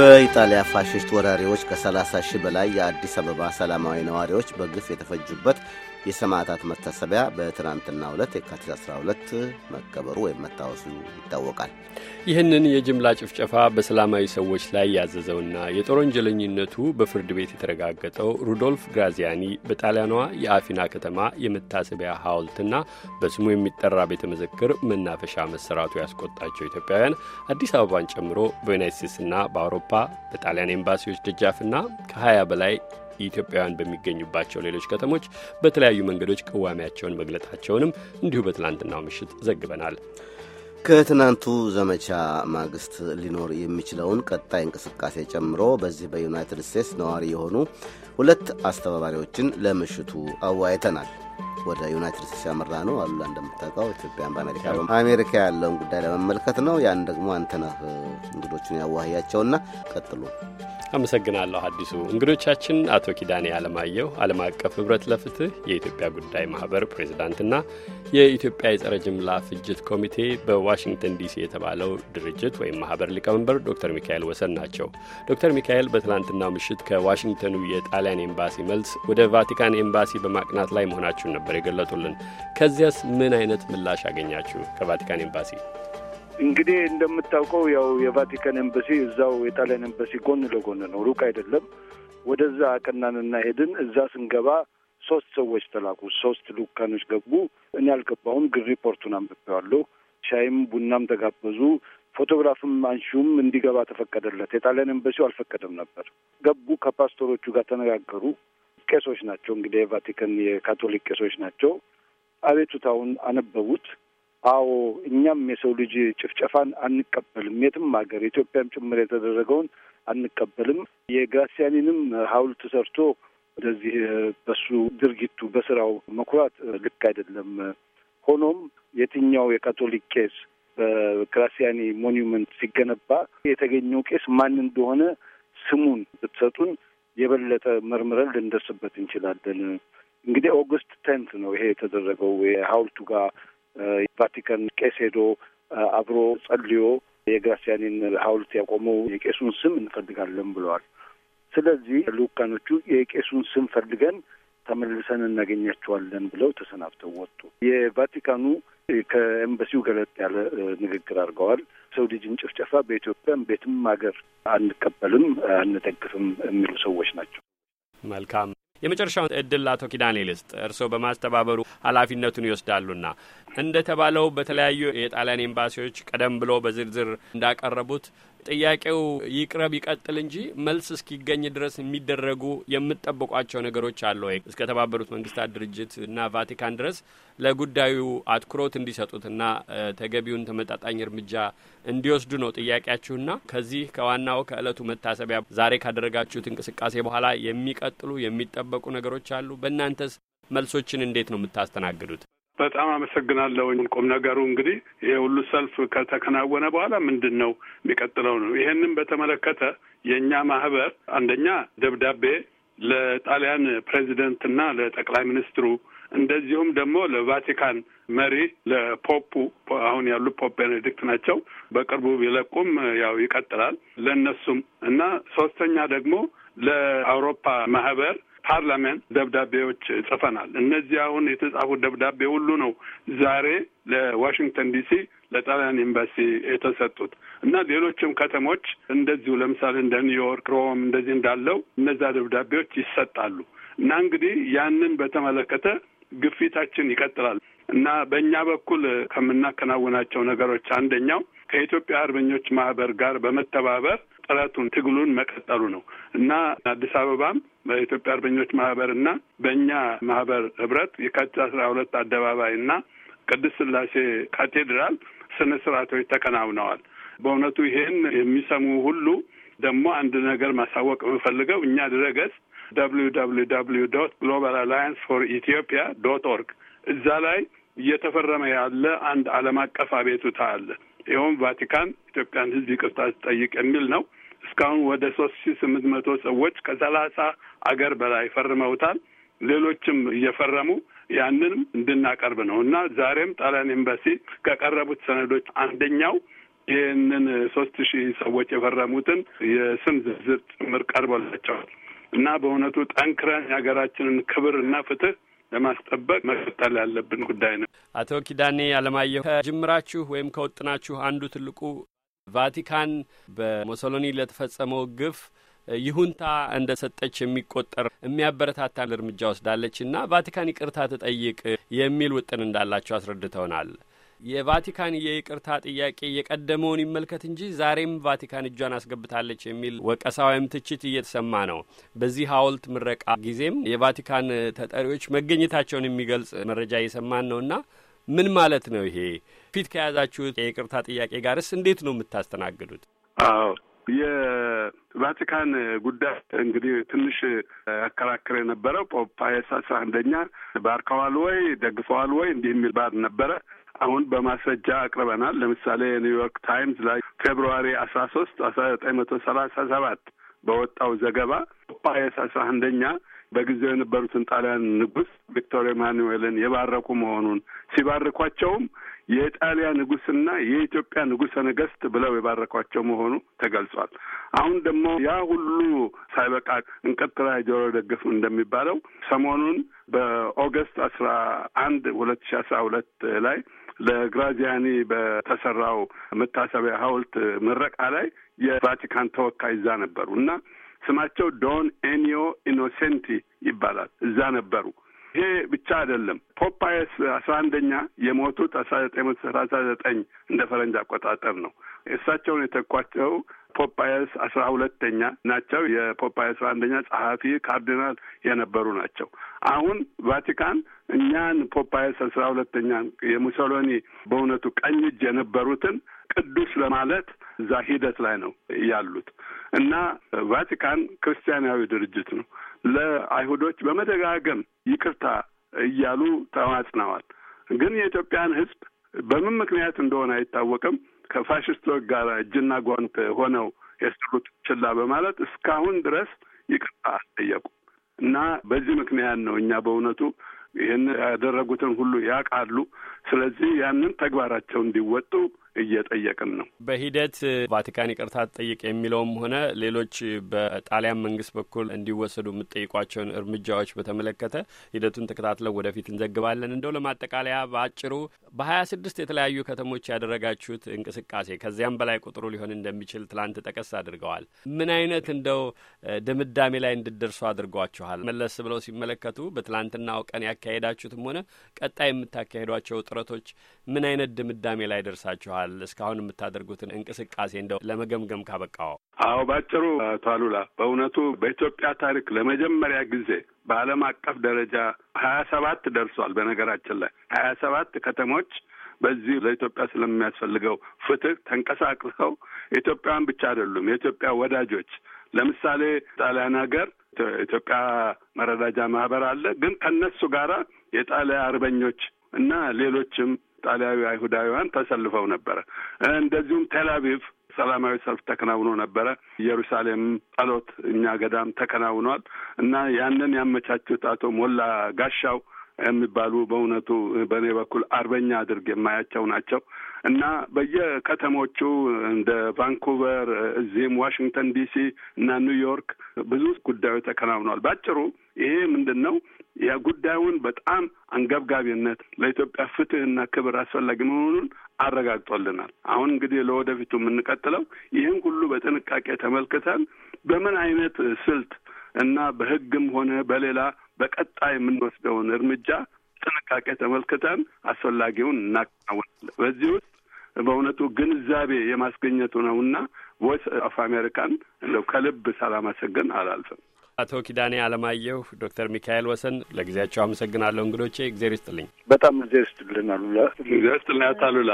በኢጣሊያ ፋሽስት ወራሪዎች ከ30 ሺህ በላይ የአዲስ አበባ ሰላማዊ ነዋሪዎች በግፍ የተፈጁበት የሰማዕታት መታሰቢያ በትናንትና ሁለት የካቲት 12 መከበሩ ወይም መታወሱ ይታወቃል። ይህንን የጅምላ ጭፍጨፋ በሰላማዊ ሰዎች ላይ ያዘዘውና የጦር ወንጀለኝነቱ በፍርድ ቤት የተረጋገጠው ሩዶልፍ ግራዚያኒ በጣሊያኗ የአፊና ከተማ የመታሰቢያ ሐውልትና በስሙ የሚጠራ ቤተ መዘክር መናፈሻ መሰራቱ ያስቆጣቸው ኢትዮጵያውያን አዲስ አበባን ጨምሮ በዩናይት ስቴትስና በአውሮፓ በጣሊያን ኤምባሲዎች ደጃፍና ከ20 በላይ ኢትዮጵያውያን በሚገኙባቸው ሌሎች ከተሞች በተለያዩ መንገዶች ቅዋሜያቸውን መግለጣቸውንም እንዲሁ በትላንትናው ምሽት ዘግበናል። ከትናንቱ ዘመቻ ማግስት ሊኖር የሚችለውን ቀጣይ እንቅስቃሴ ጨምሮ በዚህ በዩናይትድ ስቴትስ ነዋሪ የሆኑ ሁለት አስተባባሪዎችን ለምሽቱ አወያይተናል። ወደ ዩናይትድ ስቴትስ ያመራ ነው አሉላ እንደምታውቀው ኢትዮጵያን በአሜሪካ አሜሪካ ያለውን ጉዳይ ለመመልከት ነው። ያን ደግሞ አንተነህ እንግዶቹን ያዋህያቸውና ቀጥሉ። አመሰግናለሁ አዲሱ። እንግዶቻችን አቶ ኪዳኔ አለማየሁ ዓለም አቀፍ ህብረት ለፍትህ የኢትዮጵያ ጉዳይ ማህበር ፕሬዚዳንትና የኢትዮጵያ የጸረ ጅምላ ፍጅት ኮሚቴ በዋሽንግተን ዲሲ የተባለው ድርጅት ወይም ማህበር ሊቀመንበር ዶክተር ሚካኤል ወሰን ናቸው። ዶክተር ሚካኤል በትላንትናው ምሽት ከዋሽንግተኑ የጣሊያን ኤምባሲ መልስ ወደ ቫቲካን ኤምባሲ በማቅናት ላይ መሆናችሁን ነበር ነበር የገለጡልን። ከዚያስ ምን አይነት ምላሽ አገኛችሁ ከቫቲካን ኤምባሲ? እንግዲህ እንደምታውቀው ያው የቫቲካን ኤምባሲ እዛው የጣሊያን ኤምባሲ ጎን ለጎን ነው፣ ሩቅ አይደለም። ወደዛ አቀናንና ሄድን። እዛ ስንገባ ሶስት ሰዎች ተላኩ። ሶስት ልኡካኖች ገቡ። እኔ አልገባሁም፣ ግን ሪፖርቱን አንብቤዋለሁ። ሻይም ቡናም ተጋበዙ። ፎቶግራፍም አንሺውም እንዲገባ ተፈቀደለት። የጣሊያን ኤምባሲው አልፈቀደም ነበር። ገቡ፣ ከፓስቶሮቹ ጋር ተነጋገሩ። ቄሶች ናቸው እንግዲህ የቫቲካን የካቶሊክ ቄሶች ናቸው። አቤቱታውን አነበቡት። አዎ እኛም የሰው ልጅ ጭፍጨፋን አንቀበልም፣ የትም ሀገር ኢትዮጵያም ጭምር የተደረገውን አንቀበልም። የግራሲያኒንም ሀውልት ሰርቶ እንደዚህ በሱ ድርጊቱ በስራው መኩራት ልክ አይደለም። ሆኖም የትኛው የካቶሊክ ቄስ በግራሲያኒ ሞኒመንት ሲገነባ የተገኘው ቄስ ማን እንደሆነ ስሙን ብትሰጡን የበለጠ መርምረን ልንደርስበት እንችላለን። እንግዲህ ኦገስት ቴንት ነው ይሄ የተደረገው የሀውልቱ ጋር ቫቲካን ቄስ ሄዶ አብሮ ጸልዮ የግራሲያኒን ሀውልት ያቆመው የቄሱን ስም እንፈልጋለን ብለዋል። ስለዚህ ልኡካኖቹ የቄሱን ስም ፈልገን ተመልሰን እናገኛቸዋለን ብለው ተሰናብተው ወጡ። የቫቲካኑ ከኤምባሲው ገለጥ ያለ ንግግር አድርገዋል። ሰው ልጅን ጭፍጨፋ በኢትዮጵያም ቤትም ሀገር አንቀበልም፣ አንደግፍም የሚሉ ሰዎች ናቸው። መልካም የመጨረሻውን እድል አቶ ኪዳኔ ልስጥ። እርስዎ በማስተባበሩ ኃላፊነቱን ይወስዳሉና እንደተባለው በተለያዩ የጣሊያን ኤምባሲዎች ቀደም ብሎ በዝርዝር እንዳቀረቡት ጥያቄው ይቅረብ ይቀጥል እንጂ መልስ እስኪገኝ ድረስ የሚደረጉ የምጠበቋቸው ነገሮች አለ ወይ? እስከ ተባበሩት መንግስታት ድርጅት እና ቫቲካን ድረስ ለጉዳዩ አትኩሮት እንዲሰጡትና ተገቢውን ተመጣጣኝ እርምጃ እንዲወስዱ ነው ጥያቄያችሁና ከዚህ ከዋናው ከእለቱ መታሰቢያ ዛሬ ካደረጋችሁት እንቅስቃሴ በኋላ የሚቀጥሉ የሚጠበቁ ነገሮች አሉ። በእናንተስ መልሶችን እንዴት ነው የምታስተናግዱት? በጣም አመሰግናለሁ። ቁም ነገሩ እንግዲህ ይሄ ሁሉ ሰልፍ ከተከናወነ በኋላ ምንድን ነው የሚቀጥለው ነው። ይሄንም በተመለከተ የእኛ ማህበር አንደኛ ደብዳቤ ለጣሊያን እና ለጠቅላይ ሚኒስትሩ እንደዚሁም ደግሞ ለቫቲካን መሪ ለፖፑ አሁን ያሉ ፖፕ ቤኔዲክት ናቸው። በቅርቡ ቢለቁም ያው ይቀጥላል ለእነሱም እና ሶስተኛ ደግሞ ለአውሮፓ ማህበር ፓርላመንት ደብዳቤዎች ጽፈናል። እነዚህ አሁን የተጻፉት ደብዳቤ ሁሉ ነው ዛሬ ለዋሽንግተን ዲሲ ለጣሊያን ኤምባሲ የተሰጡት እና ሌሎችም ከተሞች እንደዚሁ ለምሳሌ እንደ ኒውዮርክ፣ ሮም እንደዚህ እንዳለው እነዛ ደብዳቤዎች ይሰጣሉ እና እንግዲህ ያንን በተመለከተ ግፊታችን ይቀጥላል እና በእኛ በኩል ከምናከናውናቸው ነገሮች አንደኛው ከኢትዮጵያ አርበኞች ማህበር ጋር በመተባበር ጥረቱን ትግሉን መቀጠሉ ነው እና አዲስ አበባም በኢትዮጵያ አርበኞች ማህበር እና በእኛ ማህበር ህብረት የካቲት አስራ ሁለት አደባባይ እና ቅድስት ስላሴ ካቴድራል ስነ ስርዓቶች ተከናውነዋል። በእውነቱ ይሄን የሚሰሙ ሁሉ ደግሞ አንድ ነገር ማሳወቅ የምፈልገው እኛ ድረገጽ ዩ ዶት ግሎባል አላያንስ ፎር ኢትዮጵያ ዶት ኦርግ እዛ ላይ እየተፈረመ ያለ አንድ ዓለም አቀፍ አቤቱታ አለ። ይኸውም ቫቲካን ኢትዮጵያን ህዝብ ይቅርታ ትጠይቅ የሚል ነው። እስካሁን ወደ ሶስት ሺ ስምንት መቶ ሰዎች ከሰላሳ አገር በላይ ፈርመውታል። ሌሎችም እየፈረሙ ያንንም እንድናቀርብ ነው እና ዛሬም ጣሊያን ኤምባሲ ከቀረቡት ሰነዶች አንደኛው ይህንን ሶስት ሺህ ሰዎች የፈረሙትን የስም ዝርዝር ጭምር ቀርበላቸዋል እና በእውነቱ ጠንክረን የሀገራችንን ክብር እና ፍትህ ለማስጠበቅ መቀጠል ያለብን ጉዳይ ነው። አቶ ኪዳኔ አለማየሁ ከጅምራችሁ ወይም ከወጥናችሁ አንዱ ትልቁ ቫቲካን በሞሶሎኒ ለተፈጸመው ግፍ ይሁንታ እንደ ሰጠች የሚቆጠር የሚያበረታታል እርምጃ ወስዳለች እና ቫቲካን ይቅርታ ትጠይቅ የሚል ውጥን እንዳላቸው አስረድተውናል። የቫቲካን የይቅርታ ጥያቄ የቀደመውን ይመልከት እንጂ ዛሬም ቫቲካን እጇን አስገብታለች የሚል ወቀሳ ወይም ትችት እየተሰማ ነው። በዚህ ሐውልት ምረቃ ጊዜም የቫቲካን ተጠሪዎች መገኘታቸውን የሚገልጽ መረጃ እየሰማን ነውና ምን ማለት ነው ይሄ? ፊት ከያዛችሁት የይቅርታ ጥያቄ ጋርስ እንዴት ነው የምታስተናግዱት? አዎ የቫቲካን ጉዳይ እንግዲህ ትንሽ ያከራክር የነበረው ፖፕ አስራ አንደኛ ባርከዋል ወይ ደግፈዋል ወይ እንዲህ የሚል ባል ነበረ። አሁን በማስረጃ አቅርበናል። ለምሳሌ የኒውዮርክ ታይምስ ላይ ፌብርዋሪ አስራ ሶስት አስራ ዘጠኝ መቶ ሰላሳ ሰባት በወጣው ዘገባ ፓየስ አስራ አንደኛ በጊዜው የነበሩትን ጣሊያን ንጉስ ቪክቶር ኤማኑዌልን የባረኩ መሆኑን ሲባርኳቸውም የጣሊያ ንጉስና የኢትዮጵያ ንጉሰ ነገስት ብለው የባረኳቸው መሆኑ ተገልጿል። አሁን ደግሞ ያ ሁሉ ሳይበቃ እንቅጥራ ጆሮ ደግፍ እንደሚባለው ሰሞኑን በኦገስት አስራ አንድ ሁለት ሺ አስራ ሁለት ላይ ለግራዚያኒ በተሰራው መታሰቢያ ሐውልት ምረቃ ላይ የቫቲካን ተወካይ እዛ ነበሩ እና ስማቸው ዶን ኤኒዮ ኢኖሴንቲ ይባላል። እዛ ነበሩ። ይሄ ብቻ አይደለም። ፖፓየስ አስራ አንደኛ የሞቱት አስራ ዘጠኝ መቶ ሰላሳ ዘጠኝ እንደ ፈረንጅ አቆጣጠር ነው። እሳቸውን የተኳቸው ፖፓየስ አስራ ሁለተኛ ናቸው። የፖፓይ አስራ አንደኛ ጸሐፊ ካርዲናል የነበሩ ናቸው። አሁን ቫቲካን እኛን ፖፓየስ አስራ ሁለተኛ የሙሶሎኒ በእውነቱ ቀኝ እጅ የነበሩትን ቅዱስ ለማለት እዛ ሂደት ላይ ነው ያሉት እና ቫቲካን ክርስቲያናዊ ድርጅት ነው። ለአይሁዶች በመደጋገም ይቅርታ እያሉ ተማጽነዋል። ግን የኢትዮጵያን ሕዝብ በምን ምክንያት እንደሆነ አይታወቅም ከፋሽስቶች ጋር እጅና ጓንት ሆነው የሰሩት ችላ በማለት እስካሁን ድረስ ይቅርታ አልጠየቁ እና በዚህ ምክንያት ነው እኛ በእውነቱ ይህን ያደረጉትን ሁሉ ያውቃሉ። ስለዚህ ያንን ተግባራቸው እንዲወጡ እየጠየቅን ነው። በሂደት ቫቲካን ይቅርታ ትጠይቅ የሚለውም ሆነ ሌሎች በጣሊያን መንግስት በኩል እንዲወሰዱ የምትጠይቋቸውን እርምጃዎች በተመለከተ ሂደቱን ተከታትለው ወደፊት እንዘግባለን። እንደው ለማጠቃለያ በአጭሩ በሀያ ስድስት የተለያዩ ከተሞች ያደረጋችሁት እንቅስቃሴ ከዚያም በላይ ቁጥሩ ሊሆን እንደሚችል ትላንት ጠቀስ አድርገዋል። ምን አይነት እንደው ድምዳሜ ላይ እንድደርሱ አድርጓችኋል? መለስ ብለው ሲመለከቱ በትላንትናው ቀን ያካሄዳችሁትም ሆነ ቀጣይ የምታካሄዷቸው ጥረቶች ምን አይነት ድምዳሜ ላይ ደርሳችኋል? ገልጸዋል። እስካሁን የምታደርጉትን እንቅስቃሴ እንደው ለመገምገም ካበቃው። አዎ ባጭሩ አቶ አሉላ በእውነቱ በኢትዮጵያ ታሪክ ለመጀመሪያ ጊዜ በዓለም አቀፍ ደረጃ ሀያ ሰባት ደርሷል። በነገራችን ላይ ሀያ ሰባት ከተሞች በዚህ ለኢትዮጵያ ስለሚያስፈልገው ፍትህ ተንቀሳቅሰው ኢትዮጵያውያን ብቻ አይደሉም፣ የኢትዮጵያ ወዳጆች ለምሳሌ ጣሊያን ሀገር ኢትዮጵያ መረዳጃ ማህበር አለ። ግን ከነሱ ጋራ የጣሊያ አርበኞች እና ሌሎችም ጣሊያዊ አይሁዳዊያን ተሰልፈው ነበረ። እንደዚሁም ቴላቪቭ ሰላማዊ ሰልፍ ተከናውኖ ነበረ። ኢየሩሳሌም ጸሎት እኛ ገዳም ተከናውኗል እና ያንን ያመቻቹት አቶ ሞላ ጋሻው የሚባሉ በእውነቱ በእኔ በኩል አርበኛ አድርግ የማያቸው ናቸው እና በየከተሞቹ እንደ ቫንኩቨር እዚህም ዋሽንግተን ዲሲ እና ኒውዮርክ ብዙ ጉዳዮች ተከናውነዋል። ባጭሩ ይሄ ምንድን ነው? የጉዳዩን በጣም አንገብጋቢነት ለኢትዮጵያ ፍትህና ክብር አስፈላጊ መሆኑን አረጋግጦልናል። አሁን እንግዲህ ለወደፊቱ የምንቀጥለው ይህን ሁሉ በጥንቃቄ ተመልክተን በምን አይነት ስልት እና በህግም ሆነ በሌላ በቀጣይ የምንወስደውን እርምጃ ጥንቃቄ ተመልክተን አስፈላጊውን እናከናወናለን። በዚህ ውስጥ በእውነቱ ግንዛቤ የማስገኘቱ ነውና ቮይስ ኦፍ አሜሪካን እንደው ከልብ ሳላመሰግን አላልፍም። አቶ ኪዳኔ አለማየሁ፣ ዶክተር ሚካኤል ወሰን ለጊዜያቸው አመሰግናለሁ። እንግዶቼ እግዜር ይስጥልኝ። በጣም እግዜር ይስጥልን አሉላ። እግዜር ይስጥልኝ አታሉላ